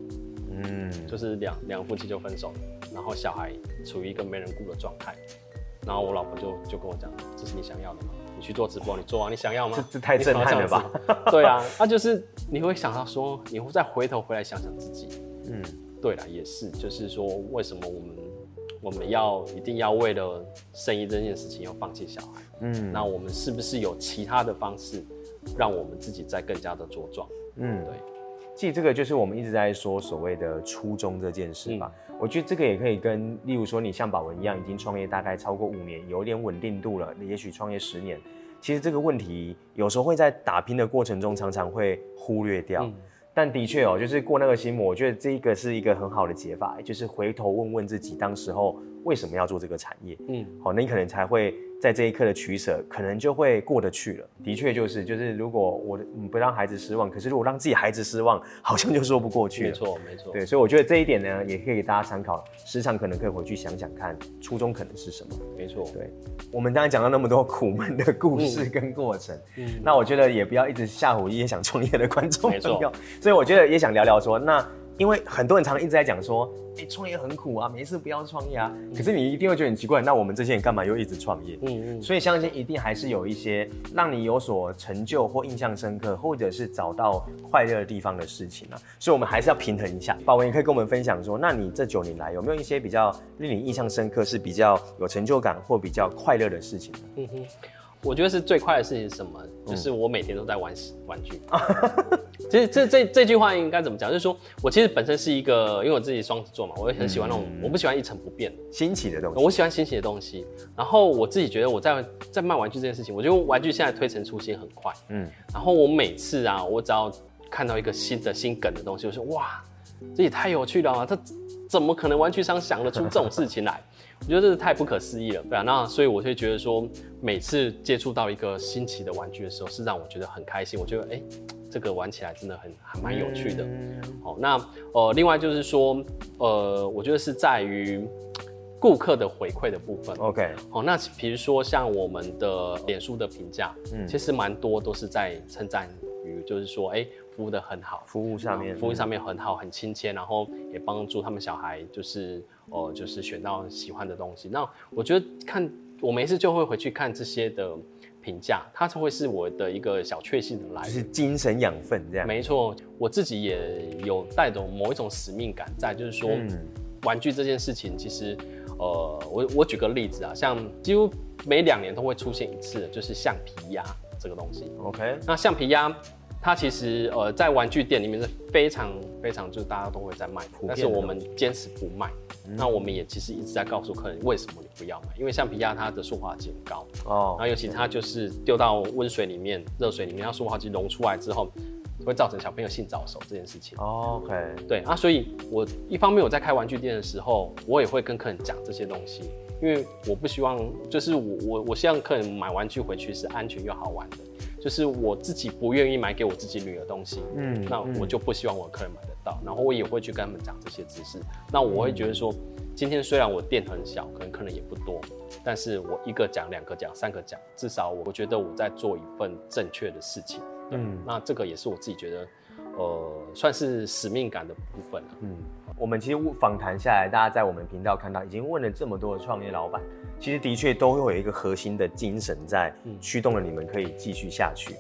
嗯，就是兩兩夫妻就分手，然後小孩處於一個沒人顧的狀態，然後我老婆就就跟我講，這是你想要的嗎？你去做直播，哦、你做完、啊，你想要嗎？這這太震撼了吧？ 對啊，那、啊、就是你會想到說，你會再回頭回來想想自己。嗯，對啦，也是，就是說為什麼我們我們要一定要為了生意這件事情要放棄小孩？嗯，那我們是不是有其他的方式，讓我們自己再更加的茁壯？嗯，對。其實這個就是我們一直在說所謂的初衷這件事吧。嗯、我覺得這個也可以跟，例如說你像寶文一樣，已經創業大概超過五年，有一點穩定度了。也許創業十年，其實這個問題有時候會在打拼的過程中常常會忽略掉。嗯、但的確哦、喔，就是過那個心魔，我覺得這個是一個很好的解法，就是回頭問問自己，當時候為什麼要做這個產業？嗯，好、喔，那你可能才會。在這一刻的取捨，可能就會過得去了。的確就是，就是如果我不讓孩子失望，可是如果讓自己孩子失望，好像就說不過去了。沒錯，沒錯。對，所以我覺得這一點呢，也可以給大家參考，時常可能可以回去想想看，初衷可能是什麼。沒錯錯。對，我們剛才講到那麼多苦悶的故事跟過程，嗯，嗯那我覺得也不要一直嚇唬一些想創業的觀眾朋友，沒錯錯。所以我覺得也想聊聊說，那。因為很多人常常一直在講說，哎，創業很苦啊，沒事不要創業啊。可是你一定會覺得很奇怪，那我們這些人幹嘛又一直創業？嗯嗯。嗯所以相信一定還是有一些讓你有所成就或印象深刻，或者是找到快樂的地方的事情啊。所以我們還是要平衡一下。寶文也可以跟我們分享說，那你這九年來有沒有一些比較令你印象深刻，是比較有成就感或比較快樂的事情啊？嗯哼。我覺得是最快的事情是什麼？就是我每天都在玩玩具。嗯、 其實這這這句話應該怎麼講？就是說我其實本身是一個，因為我自己雙子座嘛，我也很喜歡那種，嗯嗯嗯我不喜歡一成不變、新奇的東西，我喜歡新奇的東西。然後我自己覺得我在在賣玩具這件事情，我覺得玩具現在推陳出新很快。嗯。然後我每次啊，我只要看到一個新的新梗的東西，我說哇，這也太有趣了，啊！這怎麼可能？玩具商想得出這種事情來？ 我覺得這是太不可思議了，對啊，那所以我就覺得說，每次接觸到一個新奇的玩具的時候，是讓我覺得很開心。我覺得，哎、欸，這個玩起來真的很還蠻有趣的。好、嗯喔，那呃，另外就是說，呃，我覺得是在於顧客的回饋的部分。OK，好、喔，那比如說像我們的臉書的評價，嗯，其實蠻多都是在稱讚於，就是說，哎、欸，服務得很好，服務上面，服務上面很好，很親切，然後也幫助他們小孩，就是。哦、呃，就是選到喜歡的東西。那我覺得看我沒事就會回去看這些的評價，它就會是我的一個小確幸的來源，是精神養分這樣。沒錯，我自己也有帶着某一種使命感在，就是說，玩具這件事情其實，呃，我我舉個例子啊，像幾乎每兩年都會出現一次的，就是橡皮鴨這個東西。OK，那橡皮鴨。它其實呃，在玩具店裡面是非常非常，就是大家都會在賣，但是我們堅持不賣。嗯、那我們也其實一直在告訴客人為什麼你不要買，因為橡皮鴨它的塑化劑很高哦，然後尤其它就是丟到溫水裡面、嗯、熱水裡面，讓塑化劑溶出來之後。會造成小朋友性早熟這件事情。OK，對啊，所以我一方面我在開玩具店的時候，我也會跟客人講這些東西，因為我不希望，就是我我我希望客人買玩具回去是安全又好玩的，就是我自己不願意買給我自己女兒東西，嗯，嗯那我就不希望我的客人買得到，然後我也會去跟他們講這些知識。那我會覺得說，嗯、今天雖然我店很小，可能客人也不多，但是我一個講兩個講三個講，至少我覺得我在做一份正確的事情。嗯，那這個也是我自己覺得，呃，算是使命感的部分啊。嗯，我們其實訪談下來，大家在我們頻道看到，已經問了這麼多的創業老闆，Okay. 其實的確都會有一個核心的精神在驅動了你們可以繼續下去。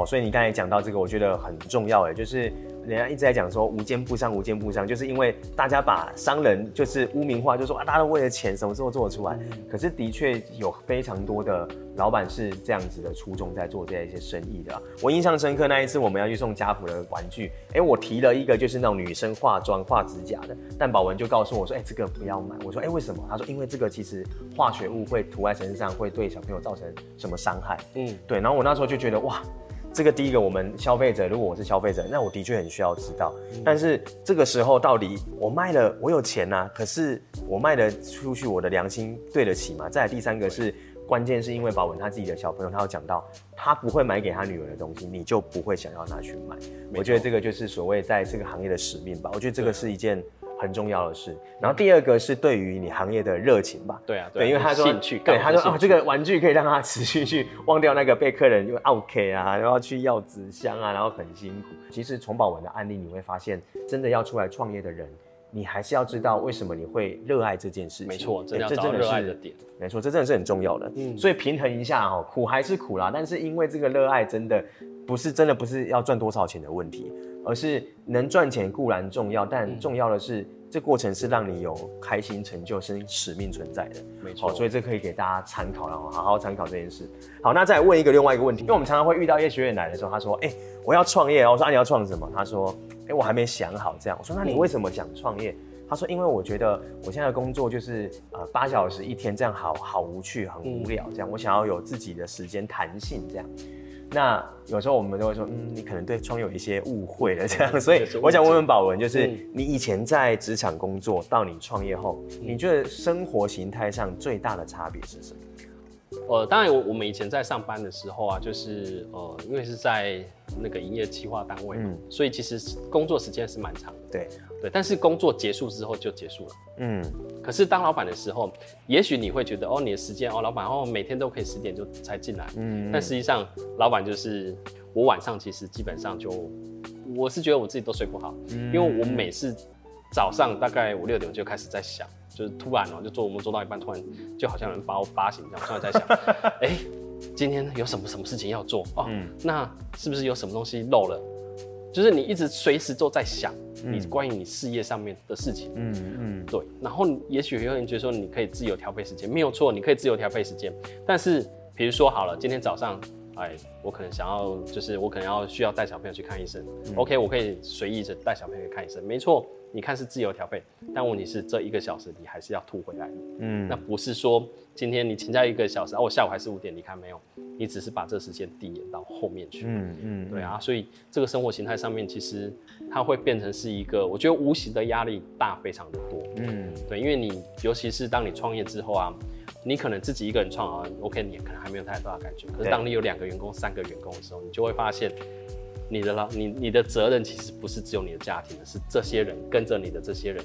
哦、所以你剛才講到這個，我覺得很重要哎，就是人家一直在講說無奸不商，無奸不商，就是因為大家把商人就是污名化，就說啊，大家都為了錢什麼都做得出來。可是的確有非常多的老板是這樣子的初衷在做這一些生意的、啊。我印象深刻那一次我們要去送家扶的玩具，哎、欸，我提了一個就是那種女生化妝、畫指甲的，但寶文就告訴我說，哎、欸，這個不要買。我說，哎、欸，為什麼？他說，因為這個其實化學物會塗在身上，會對小朋友造成什麼傷害？嗯，對。然後我那時候就覺得哇。這個第一個，我們消費者，如果我是消費者，那我的確很需要知道。但是這個時候，到底我賣了，我有錢吶、啊，可是我賣了出去，我的良心對得起嗎？再來第三個是關鍵，是因為寶文他自己的小朋友，他要講到，他不會買給他女兒的東西，你就不會想要拿去買。沒錯 我覺得這個就是所謂在這個行業的使命吧。我覺得這個是一件。很重要的事。然後第二個是對於你行業的熱情吧。對啊，對啊，對，因為他說他興趣，對，興趣他說啊、哦，這個玩具可以讓他持續去忘掉那個被客人又 OK 啊，然後去要紙箱啊，然後很辛苦。其實從寶文的案例你會發現，真的要出來創業的人，你還是要知道為什麼你會熱愛這件事情。沒錯，這真的是熱愛的點。沒錯，這真的是很重要的。嗯，所以平衡一下哈、哦，苦還是苦啦，但是因為這個熱愛，真的不是真的不是要賺多少錢的問題。而是能賺錢固然重要，但重要的是這過程是讓你有開心、成就、是使命存在的。沒錯，所以這可以給大家參考，然後好好參考這件事。好，那再問一個另外一個問題，因為我們常常會遇到一些學員來的時候，他說：“哎、欸，我要創業哦。”我說：“啊、你要創什麼？”他說：“哎、欸，我還沒想好。”這樣我說：“那你為什麼想創業？”他說：“因為我覺得我現在的工作就是呃八小時一天，這樣好好無趣、很無聊，這樣、嗯、我想要有自己的時間彈性，這樣。”那有時候我們都會說，嗯，你可能對創業有一些誤會了，這樣。所以我想問問寶文，就是、嗯、你以前在職場工作，到你創業後，你覺得生活形態上最大的差別是什麼？呃，當然，我我們以前在上班的時候啊，就是呃，因為是在那個營業企劃單位嘛，嗯、所以其實工作時間是蠻長的，對。對，但是工作結束之後就結束了。嗯，可是當老闆的時候，也許你會覺得，哦，你的時間，哦，老闆，哦，每天都可以十點就才進來。嗯，嗯，但實際上，老闆就是我晚上其實基本上就，我是覺得我自己都睡不好，嗯、因為我每次早上大概五六點就開始在想，就是突然哦、喔，就做我們做到一半，突然就好像有人把我發醒這樣，突然在想，哎、 欸，今天有什麼什麼事情要做？哦，嗯、那是不是有什麼東西漏了？就是你一直隨時都在想。你關於你事業上面的事情，嗯嗯，嗯對。然後也許有些人覺得說你，你可以自由調配時間，沒有錯，你可以自由調配時間。但是，比如說好了，今天早上，哎，我可能想要，就是我可能要需要帶小朋友去看醫生。嗯、OK，我可以隨意着帶小朋友去看醫生，沒錯。你看是自由調配，但問題是這一個小時你還是要吐回來的。嗯，那不是說今天你請假一個小時啊，我、哦、下午還是五點，你看沒有？你只是把這時間遞延到後面去。嗯嗯，嗯對啊，所以這個生活形態上面其實它會變成是一個，我覺得無形的壓力大非常的多。嗯，對，因為你尤其是當你創業之後啊，你可能自己一個人創啊，OK，你可能還沒有太多的感覺。可是當你有兩個員工、對三個員工的時候，你就會發現。你的老你你的責任其實不是只有你的家庭，是這些人跟着你的這些人，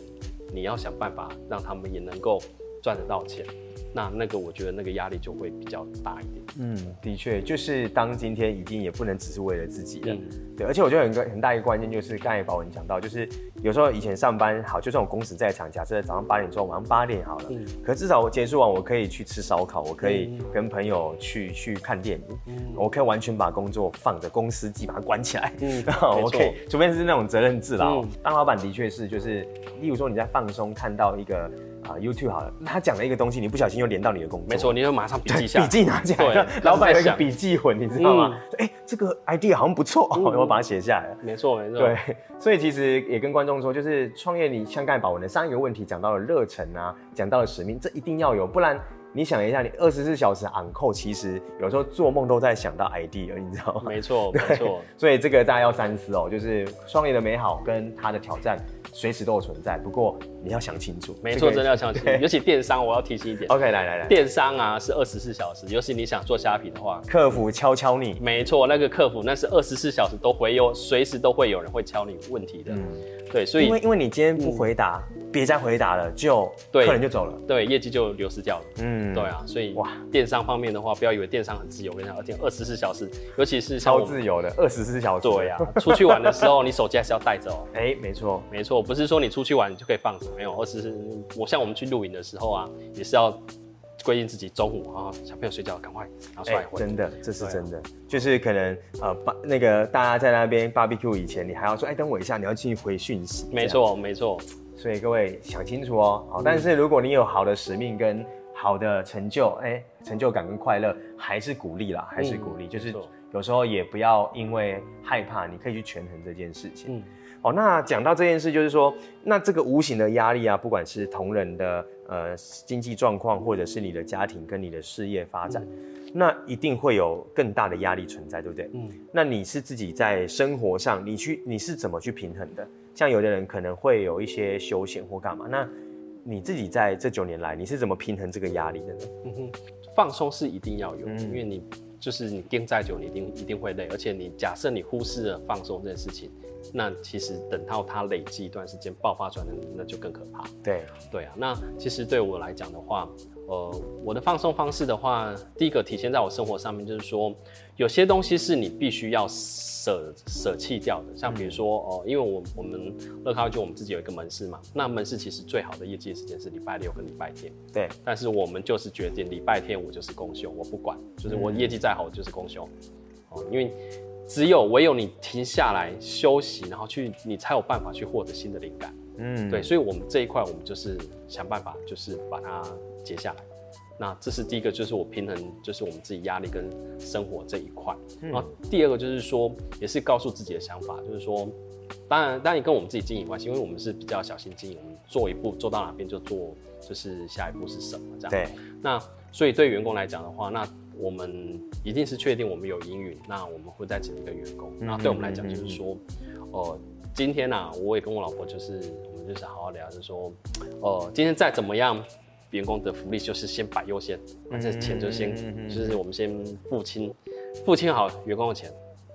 你要想辦法讓他們也能夠賺得到錢。那那個，我覺得那個壓力就會比較大一點。嗯，的確，嗯、就是當今天已經也不能只是為了自己了。嗯、對，而且我覺得一個很大一個關鍵就是剛才寶文講到，就是有時候以前上班好，就算我公司在場，假設早上八點鐘，晚上八點好了，嗯、可至少我結束完，我可以去吃燒烤，我可以跟朋友去、嗯、去看電影，嗯、我可以完全把工作放着，公司自己把它關起來。嗯，OK 錯除非是那種責任制啦。嗯，當老闆的確是就是，例如說你在放鬆，看到一個。好 YouTube 好了，他講了一個東西，你不小心又連到你的工作。沒錯，你就馬上筆記一下，筆記拿起來，老闆有個筆記魂，你知道嗎？哎、嗯欸，這個 idea 好像不錯，嗯、我把它寫下來沒錯。沒錯沒錯，對，所以其實也跟觀眾說，就是創業，你像蓋寶文的上一個問題講到了熱忱啊，講到了使命，這一定要有，不然。你想一下，你二十四小時按扣，其實有時候做夢都在想到 idea，你知道嗎？沒錯，沒錯。所以這個大家要三思哦、喔，就是雙贏的美好跟他的挑戰，隨時都有存在。不過你要想清楚，沒錯，真的要想清楚。對尤其電商，我要提醒一點。OK，來來來，來電商啊是二十四小時，尤其你想做蝦皮的話，客服敲敲你。嗯、沒錯，那個客服那是二十四小時都會有，隨時都會有人會敲你問題的。嗯，對，所以因為因為你今天不回答，別、嗯、再回答了，就客人就走了，對，對，業績就流失掉了。嗯。嗯、對啊，所以哇，電商方面的話，哇不要以為電商很自由，我跟你講，而且二十四小時，尤其是超自由的二十四小時。對呀、啊，出去玩的時候， 你手機還是要帶着、哦。哎，沒錯，沒錯，不是說你出去玩就可以放着，沒有，而是我像我們去露營的時候啊，也是要規定自己中午啊，小朋友睡覺趕快拿出來回。真的，這是真的，啊、就是可能呃，那個大家在那邊芭比 Q 以前，你還要說，哎，等我一下，你要進去回訊息。沒錯，沒錯，所以各位想清楚哦。好嗯、但是如果你有好的使命跟好的，成就，誒，成就感跟快樂還是鼓勵啦，嗯、還是鼓勵，就是有時候也不要因為害怕，你可以去權衡這件事情。嗯，哦，那講到這件事，就是說，那這個無形的壓力啊，不管是同人的呃經濟狀況，或者是你的家庭跟你的事業發展，嗯、那一定會有更大的壓力存在，對不對？嗯，那你是自己在生活上，你去你是怎麼去平衡的？像有的人可能會有一些休閒或幹嘛，那。你自己在這九年來，你是怎麼平衡這個壓力的呢？嗯、放鬆是一定要有，嗯、因為你就是你盯再久，你一定你一定會累。而且你假設你忽視了放鬆這件事情，那其實等到它累積一段時間爆發出來，那就更可怕。對對啊，那其實對我來講的話。呃，我的放鬆方式的話，第一個體現在我生活上面，就是說有些東西是你必須要舍捨棄掉的，像比如說哦、嗯呃，因為我我們樂咖就我們自己有一個門市嘛，那門市其實最好的業績時間是禮拜六跟禮拜天，對。但是我們就是決定禮拜天我就是公休，我不管，就是我業績再好我就是公休，哦、嗯呃，因為只有唯有你停下來休息，然後去你才有辦法去獲得新的靈感，嗯，對。所以我們這一塊我們就是想辦法就是把它。接下來，那這是第一個，就是我平衡，就是我們自己壓力跟生活這一塊。然後第二個就是說，也是告訴自己的想法，就是說，當然，當然也跟我們自己經營關係，因為我們是比較小心經營，我們做一步做到哪邊就做，就是下一步是什麼這樣。對。那所以對員工來講的話，那我們一定是確定我們有盈餘，那我們會再請一個員工。那對我們來講，就是說，嗯嗯嗯嗯嗯呃，今天呢、啊，我也跟我老婆就是，我們就是好好聊，就是、說，呃，今天再怎麼樣。員工的福利就是先擺優先，反正錢就先，嗯、就是我們先付清，付清、嗯、好員工的錢。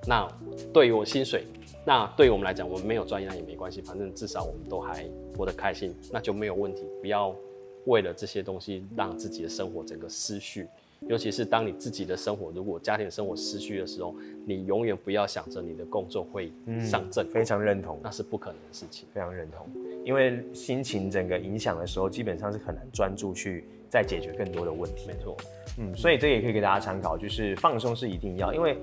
那對於我薪水，那對於我們來講，我們沒有賺那也沒關係，反正至少我們都還活得開心，那就沒有問題。不要為了這些東西，讓自己的生活整個失序。尤其是當你自己的生活，如果家庭生活失去的時候，你永遠不要想着你的工作會上陣，嗯。非常認同，那是不可能的事情，非常認同。因為心情整個影響的時候，基本上是很難專注去再解決更多的問題。沒錯，嗯，所以這也可以給大家參考，就是放鬆是一定要。嗯，因為，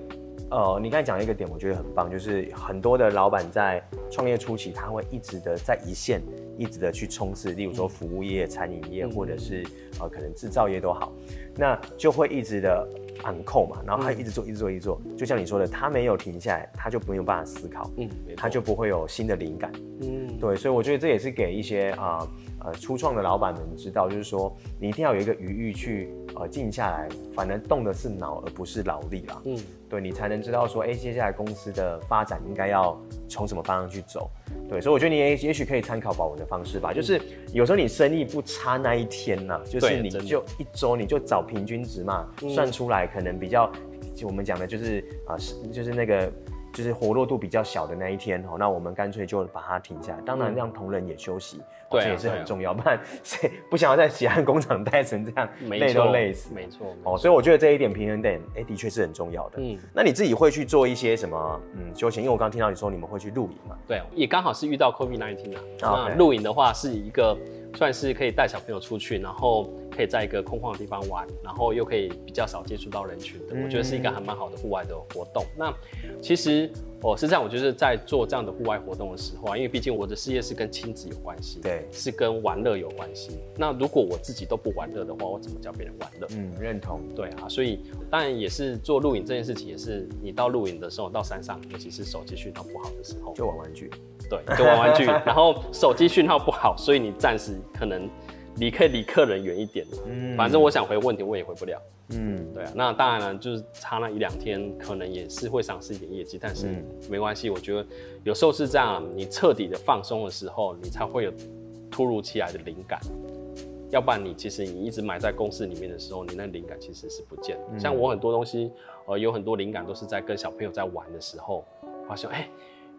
呃，你剛才講一個點，我覺得很棒，就是很多的老板在創業初期，他會一直的在一線。一直的去衝刺，例如說服務業、嗯、餐飲業，或者是、呃、可能製造業都好，嗯、那就會一直的按扣嘛，然後他一直做、一直做、一直做，就像你說的，他沒有停下來，他就沒有辦法思考，嗯，他就不會有新的靈感，嗯，對，所以我覺得這也是給一些啊呃、呃初創的老板們知道，就是說你一定要有一個餘裕去。呃，靜下來，反正動的是腦而不是勞力啦，啊。嗯，對，你才能知道說，哎、欸，接下來公司的發展應該要從什麼方向去走。對，所以我覺得你也也許可以參考寶文的方式吧，嗯，就是有時候你生意不差那一天吶，啊，就是你就一周你就找平均值嘛，嗯，算出來可能比較，就我們講的就是啊、呃，就是那個就是活絡度比較小的那一天哦，那我們乾脆就把它停下來，當然讓同仁也休息。嗯 Oh, 對、啊，這也是很重要，啊，不然誰不想要在血汗工廠待成這樣，沒錯，累都累死，沒錯。哦、oh, 錯，所以我覺得這一點平衡點，哎，的確是很重要的。嗯，那你自己會去做一些什麼嗯、休閒？因為我剛剛聽到你說你們會去露營嘛？對，也剛好是遇到 COVID-19 啊。19了 Okay. 那露營的話是一個算是可以帶小朋友出去，然後可以在一個空曠的地方玩，然後又可以比較少接觸到人群的，嗯、我覺得是一個還蠻好的戶外的活動。那其實。哦，是這樣，我就是在做這樣的戶外活動的時候啊，因為畢竟我的事業是跟親子有關係，對，是跟玩樂有關係。那如果我自己都不玩樂的話，我怎麼教別人玩樂？嗯，認同。對啊，所以當然也是做錄影這件事情，也是你到錄影的時候，到山上，尤其是手機訊號不好的時候，就玩玩具，對，就玩玩具， 然後手機訊號不好，所以你暫時可能。你可以離客人遠一點，嗯、反正我想回問題，我也回不了，嗯，對啊，那當然了，就是差那一兩天，可能也是會喪失一點業績，但是沒關係，嗯、我覺得有時候是這樣，你徹底的放鬆的時候，你才會有突如其來的靈感，要不然你其實你一直埋在公司裡面的時候，你那靈感其實是不見的。嗯、像我很多東西，呃，有很多靈感都是在跟小朋友在玩的時候，發現，哎。欸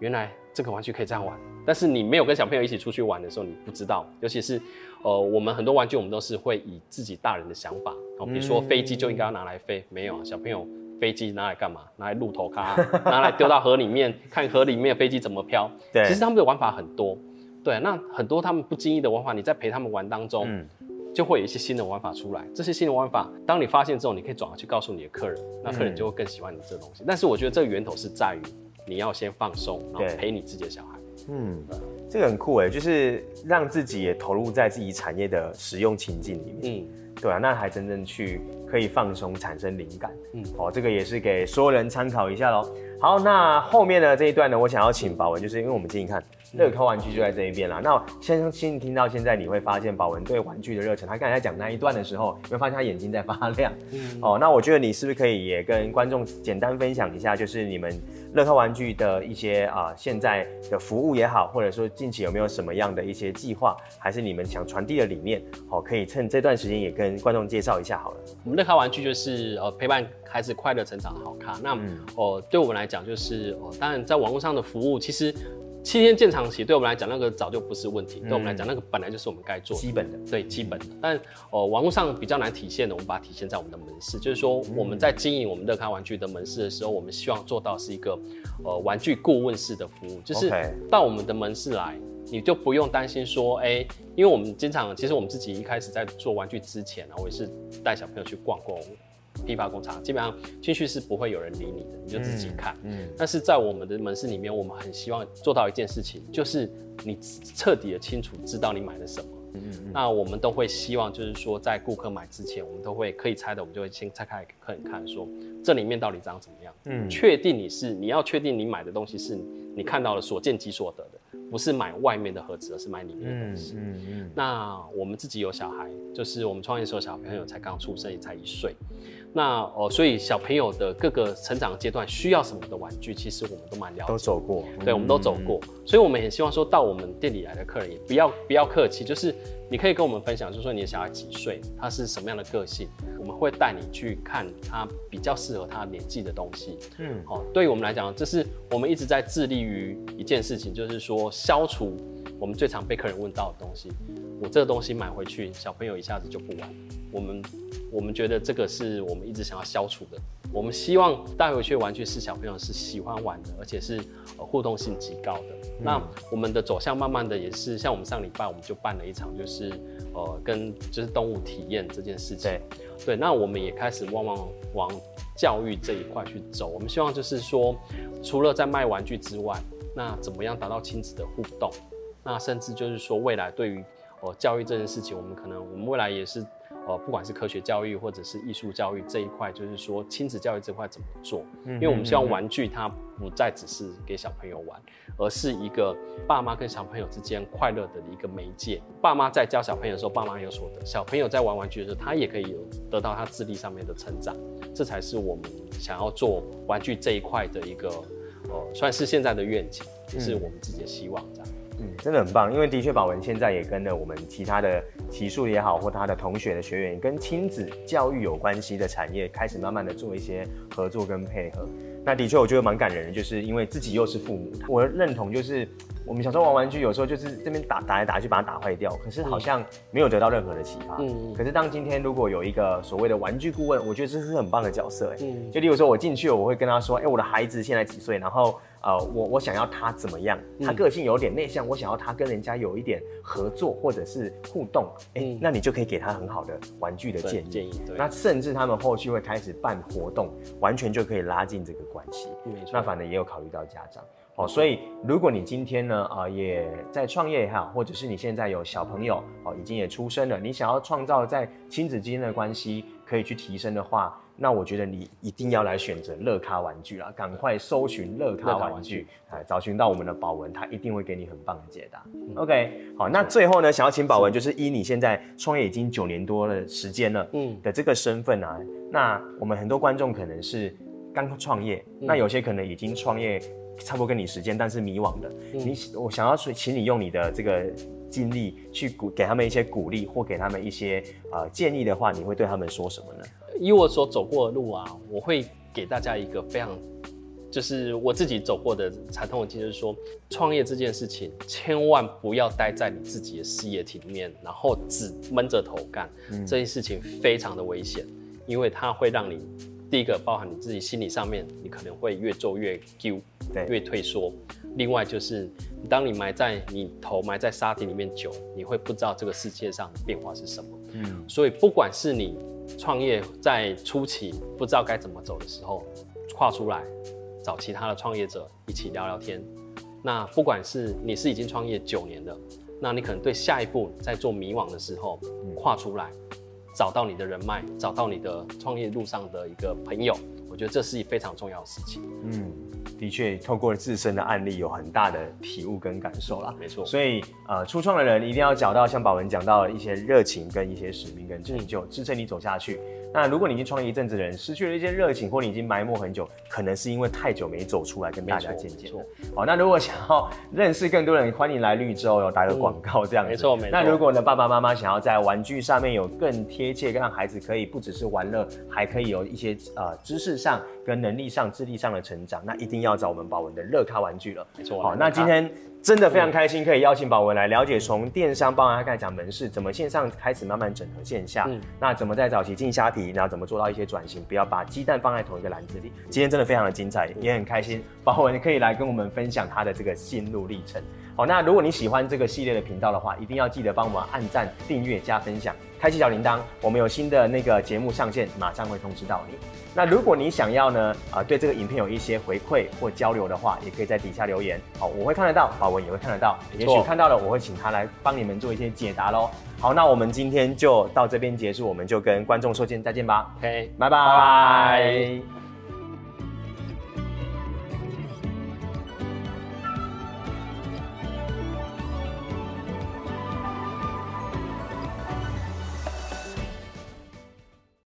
原來這個玩具可以這樣玩，但是你沒有跟小朋友一起出去玩的時候，你不知道。尤其是，呃，我們很多玩具，我們都是會以自己大人的想法，比如說飛機就應該要拿來飛，嗯、沒有啊，小朋友飛機拿來幹嘛？拿來露頭咖，拿來丟到河裡面 看河裡面的飛機怎麼飄。對，其實他們的玩法很多。對、啊，那很多他們不經意的玩法，你在陪他們玩當中，嗯、就會有一些新的玩法出來。這些新的玩法，當你發現之後，你可以轉而去告訴你的客人，那客人就會更喜歡你這東西。嗯、但是我覺得這個源頭是在於。你要先放鬆，然後陪你自己的小孩。嗯，這個很酷哎、欸，就是讓自己也投入在自己產業的使用情境裡面。嗯，對啊，那還真正去可以放鬆，產生靈感。嗯，哦，這個也是給所有人參考一下咯。好，那後面呢這一段呢，我想要請寶文，嗯、就是因為我們進去看。樂咖玩具就在這一邊了。嗯、那先聽，聽到現在，你會發現寶文對玩具的熱情。他剛才講那一段的時候，你會發現他眼睛在發亮。嗯。哦，那我覺得你是不是可以也跟觀眾簡單分享一下，就是你們樂咖玩具的一些啊、呃、現在的服務也好，或者說近期有沒有什麼樣的一些計劃,還是你們想傳遞的理念？哦，可以趁這段時間也跟觀眾介紹一下好了。我們樂咖玩具就是呃陪伴孩子快樂成長的好，好咖，那哦、嗯呃，對我們來講就是哦、呃，當然在網絡上的服務其實。七天鑑賞期對我們來講，那個早就不是問題。嗯、對我們來講，那個本來就是我們該做的基本的，對基本的。但呃，網絡上比較難體現的，我們把它體現在我們的門市，就是說我們在經營我們樂咖玩具的門市的時候，我們希望做到是一個呃玩具顧問式的服務，就是到我們的門市來，你就不用擔心說，哎、欸，因為我們經常其實我們自己一開始在做玩具之前呢，我也是帶小朋友去逛過。批發工廠基本上進去是不會有人理你的，你就自己看。嗯，嗯，但是在我們的門市裡面，我們很希望做到一件事情，就是你徹底的清楚知道你買了什麼。嗯，嗯，那我們都會希望，就是說在顧客買之前，我們都會可以拆的，我們就會先拆開給客人看說，說這裡面到底長怎麼樣。嗯。確定你是你要確定你買的東西是你看到的所見即所得的，不是買外面的盒子，而是買裡面的東西。嗯。嗯，嗯。那我們自己有小孩，就是我們創業的時候小朋友才剛出生，也才一歲。那哦，所以小朋友的各個成長階段需要什麼的玩具，其實我們都蠻了解的，都走過，嗯、對，我們都走過，嗯嗯、所以我們很希望說到我們店裡來的客人也不要不要客氣，就是你可以跟我們分享，就是說你的小孩幾歲，他是什麼樣的個性，我們會帶你去看他比較適合他年紀的東西。嗯，好、哦，對於我們來講，這、就是我們一直在致力於一件事情，就是說消除。我們最常被客人問到的東西，我這個東西買回去，小朋友一下子就不玩。我們我們覺得這個是我們一直想要消除的。我們希望帶回去的玩具是小朋友是喜歡玩的，而且是呃互動性極高的。那我們的走向慢慢的也是，像我們上禮拜我們就辦了一場，就是呃跟就是動物體驗這件事情。對，對，那我們也開始往往往教育這一塊去走。我們希望就是說，除了在賣玩具之外，那怎麼樣達到親子的互動？那甚至就是說，未來對於呃教育這件事情，我們可能我們未來也是呃，不管是科學教育或者是藝術教育這一塊，就是說親子教育這塊怎麼做？嗯，因為我們希望玩具它不再只是給小朋友玩，而是一個爸媽跟小朋友之間快樂的一個媒介。爸媽在教小朋友的時候，爸媽有所得；小朋友在玩玩具的時候，他也可以有得到他智力上面的成長。這才是我們想要做玩具這一塊的一個呃，算是現在的願景，也是我們自己的希望、嗯、這樣。嗯，真的很棒，因為的確，寶文現在也跟了我們其他的期數，也好，或他的同學的學員，跟親子教育有關係的產業，開始慢慢的做一些合作跟配合。那的確，我覺得蠻感人的，就是因為自己又是父母，我認同就是我們小時候玩玩具，有時候就是這邊打打、來打去，把它打壞掉，可是好像沒有得到任何的啟發。嗯。可是當今天如果有一個所謂的玩具顧問，我覺得這是很棒的角色、欸，哎、嗯，就例如說我進去了，我會跟他說，哎，我的孩子現在幾歲，然後。呃，我我想要他怎麼樣？他個性有點內向，嗯、我想要他跟人家有一點合作或者是互動，欸嗯、那你就可以給他很好的玩具的建議。建議，那甚至他們後續會開始辦活動，完全就可以拉近這個關係。沒錯。那反正也有考慮到家長，喔嗯、所以如果你今天呢，啊、呃，也在創業也好，或者是你現在有小朋友，哦、喔，已經也出生了，你想要創造在親子之間的關係可以去提升的話，那我覺得你一定要來選擇樂咖玩具啦，趕快搜尋樂咖玩具，哎，找尋到我們的寶文，他一定會給你很棒的解答。嗯、OK，好，那最後呢，嗯、想要請寶文，就是依你現在創業已經九年多的時間了，嗯的這個身份啊，嗯、那我們很多觀眾可能是剛創業，嗯、那有些可能已經創業差不多跟你時間，但是迷惘的，嗯、你我想要請你用你的這個經歷去鼓給他們一些鼓勵，或給他們一些、呃、建議的話，你會對他們說什麼呢？以我所走過的路啊，我會給大家一個非常，就是我自己走過的慘痛的經驗，就是說，創業這件事情千萬不要待在你自己的事業體裡面，然後只悶着頭幹，嗯，這件事情非常的危險，因為它會讓你第一個包含你自己心理上面，你可能會越做越丟，對，越退縮。另外就是，當你埋在你頭埋在沙地裡面久，你會不知道這個世界上的變化是什麼。嗯，所以不管是你創業在初期不知道該怎麼走的時候，跨出來找其他的創業者一起聊聊天。那不管是你是已經創業九年的，那你可能對下一步在做迷惘的時候，跨出來、嗯、找到你的人脈，找到你的創業路上的一個朋友。我覺得這是一非常重要的事情。嗯，的確，透過自身的案例，有很大的體悟跟感受啦。沒錯，所以呃，初創的人一定要找到像寶文講到的一些熱情跟一些使命，嗯、跟就是你就支撐你走下去。那如果你已經創業一陣子的人，失去了一些熱情，或你已經埋沒很久，可能是因為太久沒走出來跟大家見見了。好，那如果想要認識更多人，歡迎來綠洲有打個廣告這樣子。嗯、沒錯沒錯。那如果呢，爸爸媽媽想要在玩具上面有更貼切，讓孩子可以不只是玩樂，嗯、還可以有一些呃知識上、跟能力上、智力上的成長，那一定要找我們寶文的樂咖玩具了。沒錯錯。好，那今天。真的非常開心，可以邀請寶文來了解，從電商幫他剛才講門市怎麼線上開始慢慢整合線下，嗯、那怎麼在早期進蝦皮，然後怎麼做到一些轉型，不要把雞蛋放在同一個籃子裡。今天真的非常的精彩，嗯、也很開心，寶、嗯、文可以來跟我們分享他的這個心路歷程。好，那如果你喜歡這個系列的頻道的話，一定要記得幫我們按讚、訂閱、加分享，開啟小鈴鐺，我們有新的那個節目上線，馬上會通知到你。那如果你想要呢，啊、呃，對這個影片有一些回饋或交流的話，也可以在底下留言，好，哦，我會看得到，寶文也會看得到，也許看到了，我會請他來幫你們做一些解答咯，好，那我們今天就到這邊結束，我們就跟觀眾說見再見吧。OK，拜拜 bye。Bye bye